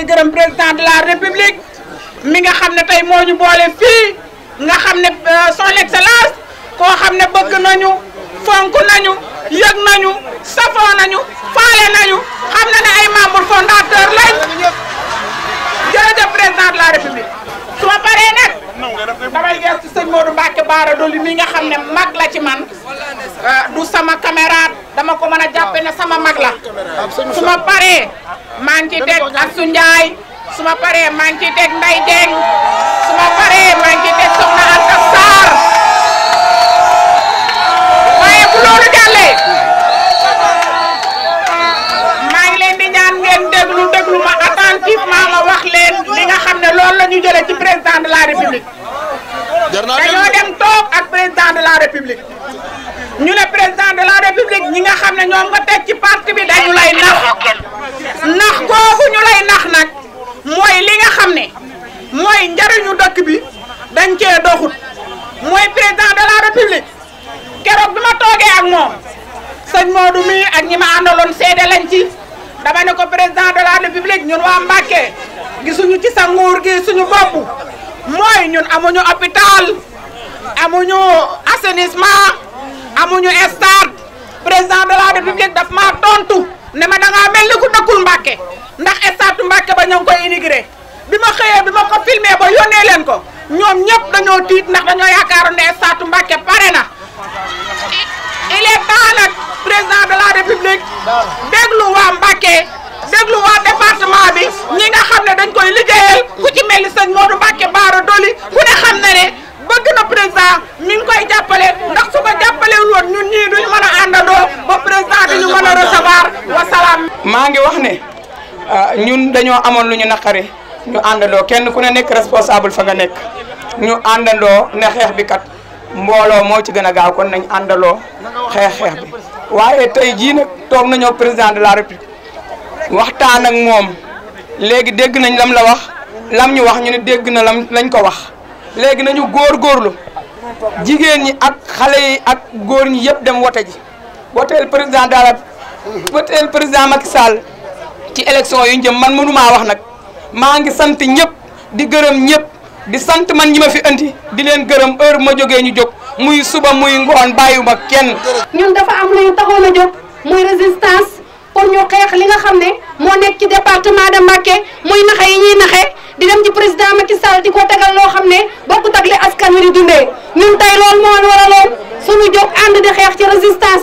koy gërëm président de la république mi nga xam ne tey moo ñu boole fii nga xam ne euh, son excellence koo xam ne bëgg nañu fonk nañu yëg nañu safoo nañu faale nañu xam na ne ay membre fondateur lañ jërëjëf président de la république su ma paree nag damay gestu sëñ Modou Mbacke Baara Doli mi nga xam ne mag la ci man euh, du sama camarade dama ko mën a jàppe ne sama mag la su ma paree maa ngi ciy teg Assou Ndiaye su ma paree maa ngi ciy teg Mbaye gisuñu ci sa nguur gi suñu bopp mooy ñun amuñu hôpital amuñu assainissement amuñu stade président de la république daf maa tontu ne ma dangaa mel ni ku dëkkul Mbàkke ndax stade Mbàkke ba ña ngi koy inauguré bi ma xëyee bi ma ko filmé ba yónnee leen ko ñoom ñëpp dañoo tiit ndax dañoo yaakaaroon ne stade Mbàkke maa ngi wax ne ah, ñun dañoo amoon lu ñu naqari ñu àndandoo kenn ku ne nekk responsable fa nga nekk ñu àndandoo ne xeex bi kat mbooloo moo ci gën a gaaw kon nañ àndaloo xeex xeex bi waaye tey jii nag toog nañoo président de la république waxtaan ak moom léegi dégg nañ lam la wax lam ñu wax ñu ne dégg na lam lañ ko wax léegi nañu góor góorlu jigéen ñi ak xale yi ak góor ñi yëpp dem wote ji woteel président de la woteel président Macky Sall ci élection yu njëm man mënumaa wax nag maa ngi sant ñëpp di gërëm ñëpp di sant man ñi ma fi andi di leen gërëm heure ma jógee ñu jóg muy suba muy ngoon bàyyiwuma kenn. ñun dafa am lu ñu taxoon a jóg muy résistance pour ñu xeex li nga xam ne moo nekk ci département de Mbacké muy naxe yi ñuy naxe di dem ci président Macky Sall di ko tegal loo xam ne bokkut ak li askan wi di dundee ñun tey loolu moo waraloon suñu jóg ànd di xeex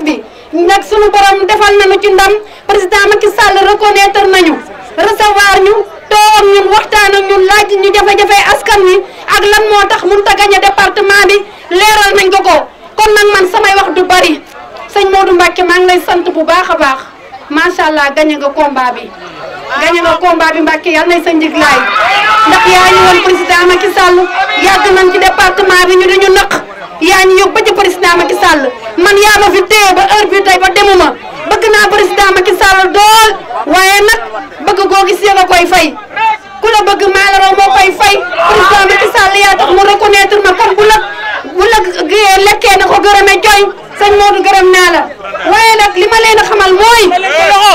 ci nag sunu borom defal nañu ci ndam président Macky Sall reconnaître nañu recevoir ñu toog ñun waxtaan ak ñun laaj ñu jafe-jafe askan wi ak lan moo tax mënut a gagné département bi leeral nañ ko ko kon nag man samay wax du bari sëñ Modou Mbacke maa ngi lay sant bu baax a baax macha allah gagné nga combat bi. gagné nga combat bi Mbacke yal nay sa njëg ndax yaa ñu woon président Macky Sall yàgg nañ ci département bi. xamal mooy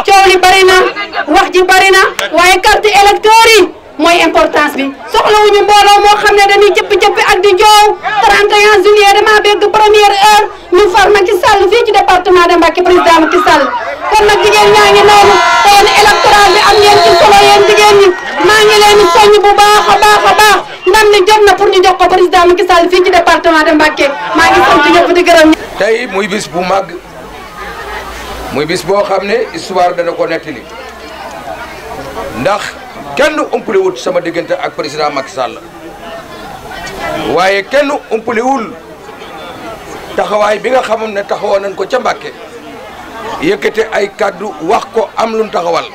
coow li bari na wax ji bari na waaye carte électeur mooy importance bi soxlawuñu mbooloo moo xam ne dañuy jëpp jëpp ak di joow 31 juillet dama bégg première heure ñu far Macky Sall fii ci département de Mbacké président Macky Sall kon nag jigéen ñaa ngi noonu te yéen électoral bi am ngeen ci solo yéen jigéen ñi maa ngi leen di bu baax a baax a baax ndam ni jot na pour ñu jox ko président Macky Sall fii ci département de Mbacké maa ngi sant ñëpp di bu mag. muy bis boo xam ne histoire dana ko nettali ndax kenn umpaliwul sama diggante ak président Macky Sall waaye kenn umpaliwul taxawaay bi nga xamam ne taxawoo nañ ko ca Mbàkke yëkkate ay kàddu wax ko am luñ taxawal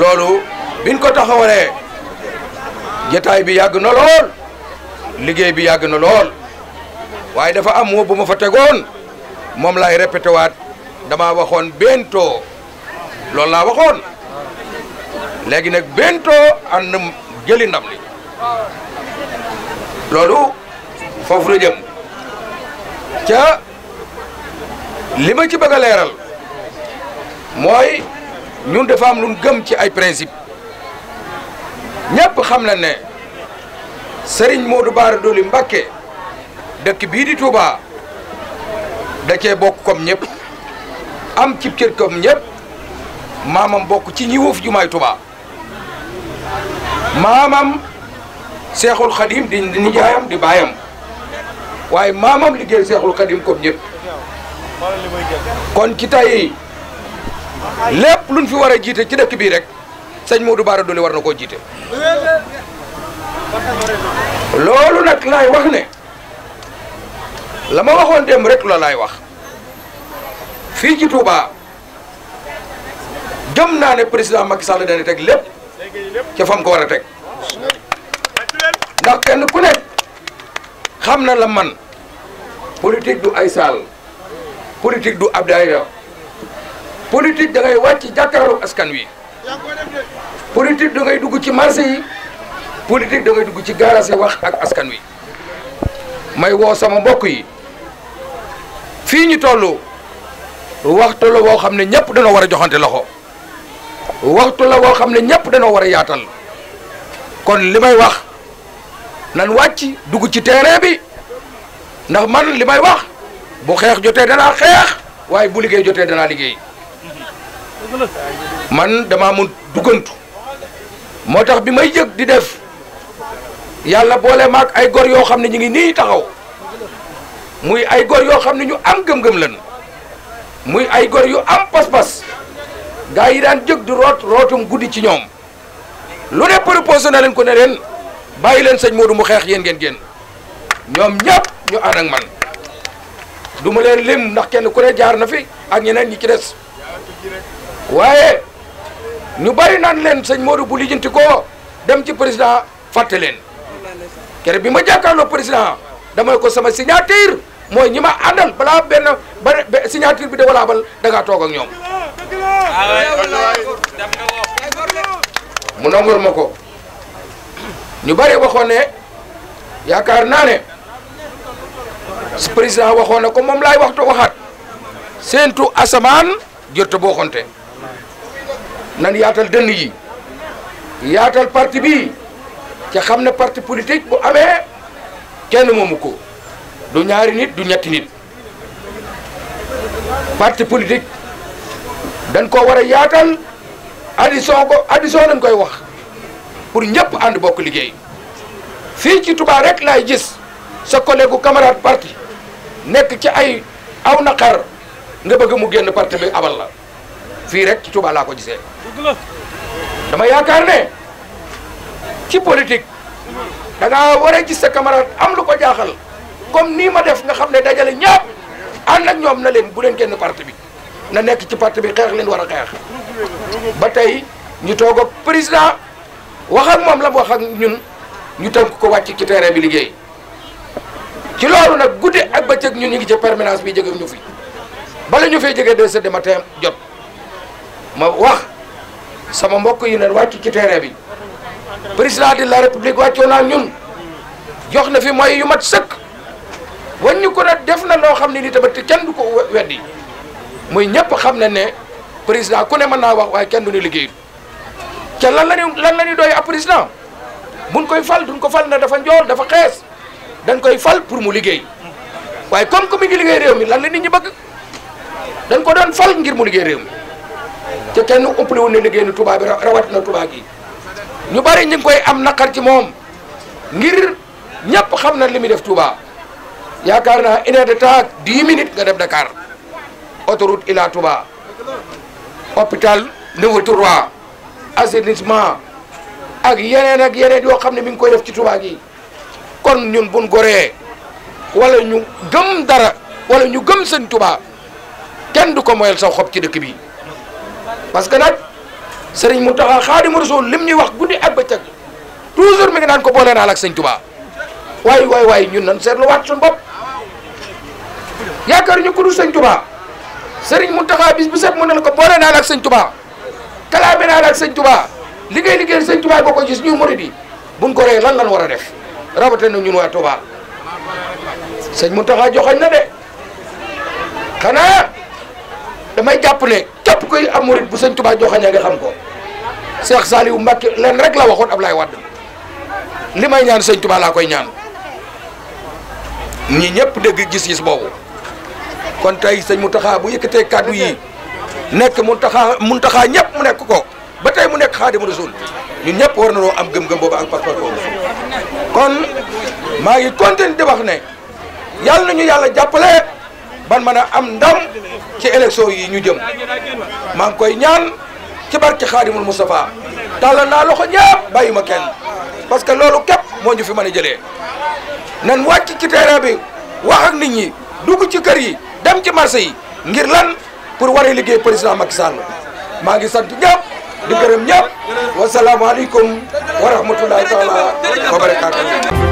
loolu biñ ko taxawalee jataay bi yàgg na liggéey bi yàgg na lool waaye dafa am moo bu ma fa tegoon moom laay répété waat dama waxoon bientôt loolu laa waxoon léegi nag bientôt ànd jëli ndam li loolu foofu la jëm ca li ma ci bëgg a leeral mooy ñun dafa am lu gëm ci ay principe ñëpp xam na ne Serigne Modou Bara Dolly Mbacké dëkk bii di Touba da cee bokk ñëpp. am cib cër comme ñëpp maamam bokk ci ñi wuuf jumaay Tuubaa maamam seexul xadim di nijaayam di baayam waaye maamam liggéey seexul xadim comme ñëpp kon ci tey lépp luñ fi war a jiite ci dëkk bii rek sëñ Modou Bara Dolly war na koo jiite loolu nag laay wax ne la ma waxoon dem rek la wax fii ci Touba jom naa ne président Macky Sall dana teg lépp ca fam ko war a teg ndax kenn ku nekk xam na la man politique du ay saal politique du ab daayira politique da ngay wàcc jàkkaaru askan wi politique da dugg ci marché yi politique da dugg ci garage yi wax ak askan wi may woo sama mbokk yi fii ñu toll. waxtu la woo xam ne ñëpp danoo war a joxante loxo waxtu la woo xam ne ñëpp danoo war a yaatal kon li may wax nan wàcc dugg ci terrain bi ndax man li may wax bu xeex jotee danaa xeex waaye bu liggéey jotee danaa liggéey man dama mun duggantu moo tax bi may jëg di def yàlla boole maag ay gor yoo xam ne ñu ngi nii taxaw muy ay gor yoo xam ne ñu am gëm-gëm lan muy ay gor yu am pas-pas gaa yi daan jóg di root rootum guddi ci ñoom lu ne proposé na leen ko ne leen bàyyi leen sëñ Modou mu xeex yéen ngeen génn ñoom ñëpp ñu ànd ak man duma leen lim ndax kenn ku ne jaar na fi ak ñeneen ñi ci des waaye ñu bari naan leen sëñ Modou bu lijjanti ko dem ci président fàtte leen kere bi ma jàkkaarloo président damay ko sama signature mooy ñi ma àndal balaa benn signature bi de valable da ak ñoom. mu nangul ma ko ñu bari waxoon ne yaakaar naa ne président waxoon na ko moom laay waxtu waxaat seentu asamaan jërta boo xonte nan yaatal dënn yi yaatal parti bi ca xam ne parti politique bu amee kenn moomu ko du ñaari nit du ñetti nit parti politique dañ ko war a yaatal addition ko addition lañ koy wax pour ñëpp ànd bokk liggéey fii ci tubaa rek laay gis sa collègue camarade parti nekk ci ay aw naqar nga bëgg mu génn parti bi abal la fii rek ci Touba laa ko gisee dama yaakaar ne ci politique da war a gis sa camarade am lu ko jaaxal comme nii ma def nga xam ne dajale ñëpp ànd ak ñoom na leen bu leen génn parti bi na nekk ci parti bi xeex leen war a xeex ba tey ñu toog ak président wax ak moom la bu wax ak ñun ñu tënk ko wàcc ci terrain bi liggéey ci loolu nag guddi ak ba bëccëg ñun ñu ngi ci permanence bi jege ñu fi bala ñu fay jógee deux heures de matin jot ma wax sama mbokk yi ne wàcc ci terrain bi prisident di la république wàccoon naa ñun jox na fi mooy yu mat sëkk wan ñu ko nag def na loo xam ne li tamit kenn du ko weddi muy ñëpp xam ne ne président ku ne mën naa wax waaye kenn du ne liggéeyul ca lan la ñu lan la ñu doy ab président buñ koy fal duñ ko fal ne dafa njool dafa xees dañ koy fal pour mu liggéey waaye comme que mi ngi liggéey réew mi lan la nit ñi bëgg dañ ko doon fal ngir mu liggéey réew mi te kenn ëppale wu ne liggéey nu tubaab bi rawat na tubaab gi ñu bari ñu ngi koy am naqar ci moom ngir ñëpp xam na li muy def tubaab. yaakaar naa une heure di temps ak dix minutes nga dem Dakar autoroute Ila Touba hôpital niveau 3 assainissement ak yeneen ak yeneen yoo xam ne mi ngi koy def ci Touba gi kon ñun buñ goree wala ñu gëm dara wala ñu gëm seen Touba kenn du ko moyal saw xob ci dëkk bi parce que nag seriñ Serigne Mountakha Khadimou Rassoul lim ñuy wax guddi ak bëccëg toujours mi ngi naan ko boole naa la ak sëñ Touba waay waay ñun nan seetlu waat suñu bopp. yaakaar ñu ku dul sëñ Touba Serigne Mountakha bis bu set mu na la ko boole naa la ak sëñ Touba kalaabe naa la ak sëñ Touba li ngay liggéeyal sëñ boo ko gis ñu murid bi buñ ko rey lan lan war a def rawatina ñun waa Touba sëñ Mountakha joxoñ na de xanaa damay jàpp ne képp ko am murid bu sëñ Touba joxoñ nga xam ko Cheikh Saliou Mbacké leen rek la waxoon Ablaye Wade li may ñaan sëñ Touba laa koy ñaan ñi ñëpp dégg gis-gis boobu. kon tey sëñ Mountakha bu yëkkatee kàddu yi nekk Mountakha Mountakha ñëpp mu nekk ko ba tey mu nekk Xaadimu Rasuul ñun ñëpp war nañoo am gëm-gëm boobu ak pas-pas boobu kon maa ngi continuer di wax ne yàlla nañu yàlla jàppale ban mën a am ndam ci élection yi ñu jëm maa ngi koy ñaan ci barke Xaadimul Moustapha tàllal naa loxo ñëpp bay ma kenn parce que loolu képp moo ñu fi mën a jëlee nan wàcc ci terrain bi wax ak nit ñi dugg ci kër yi. dem ci marché yi ngir lan pour war a liggéey président Macky Sall maa ngi sant ñëpp di gërëm ñëpp wasalaamaaleykum wa rahmatulahi taala wa barakaatu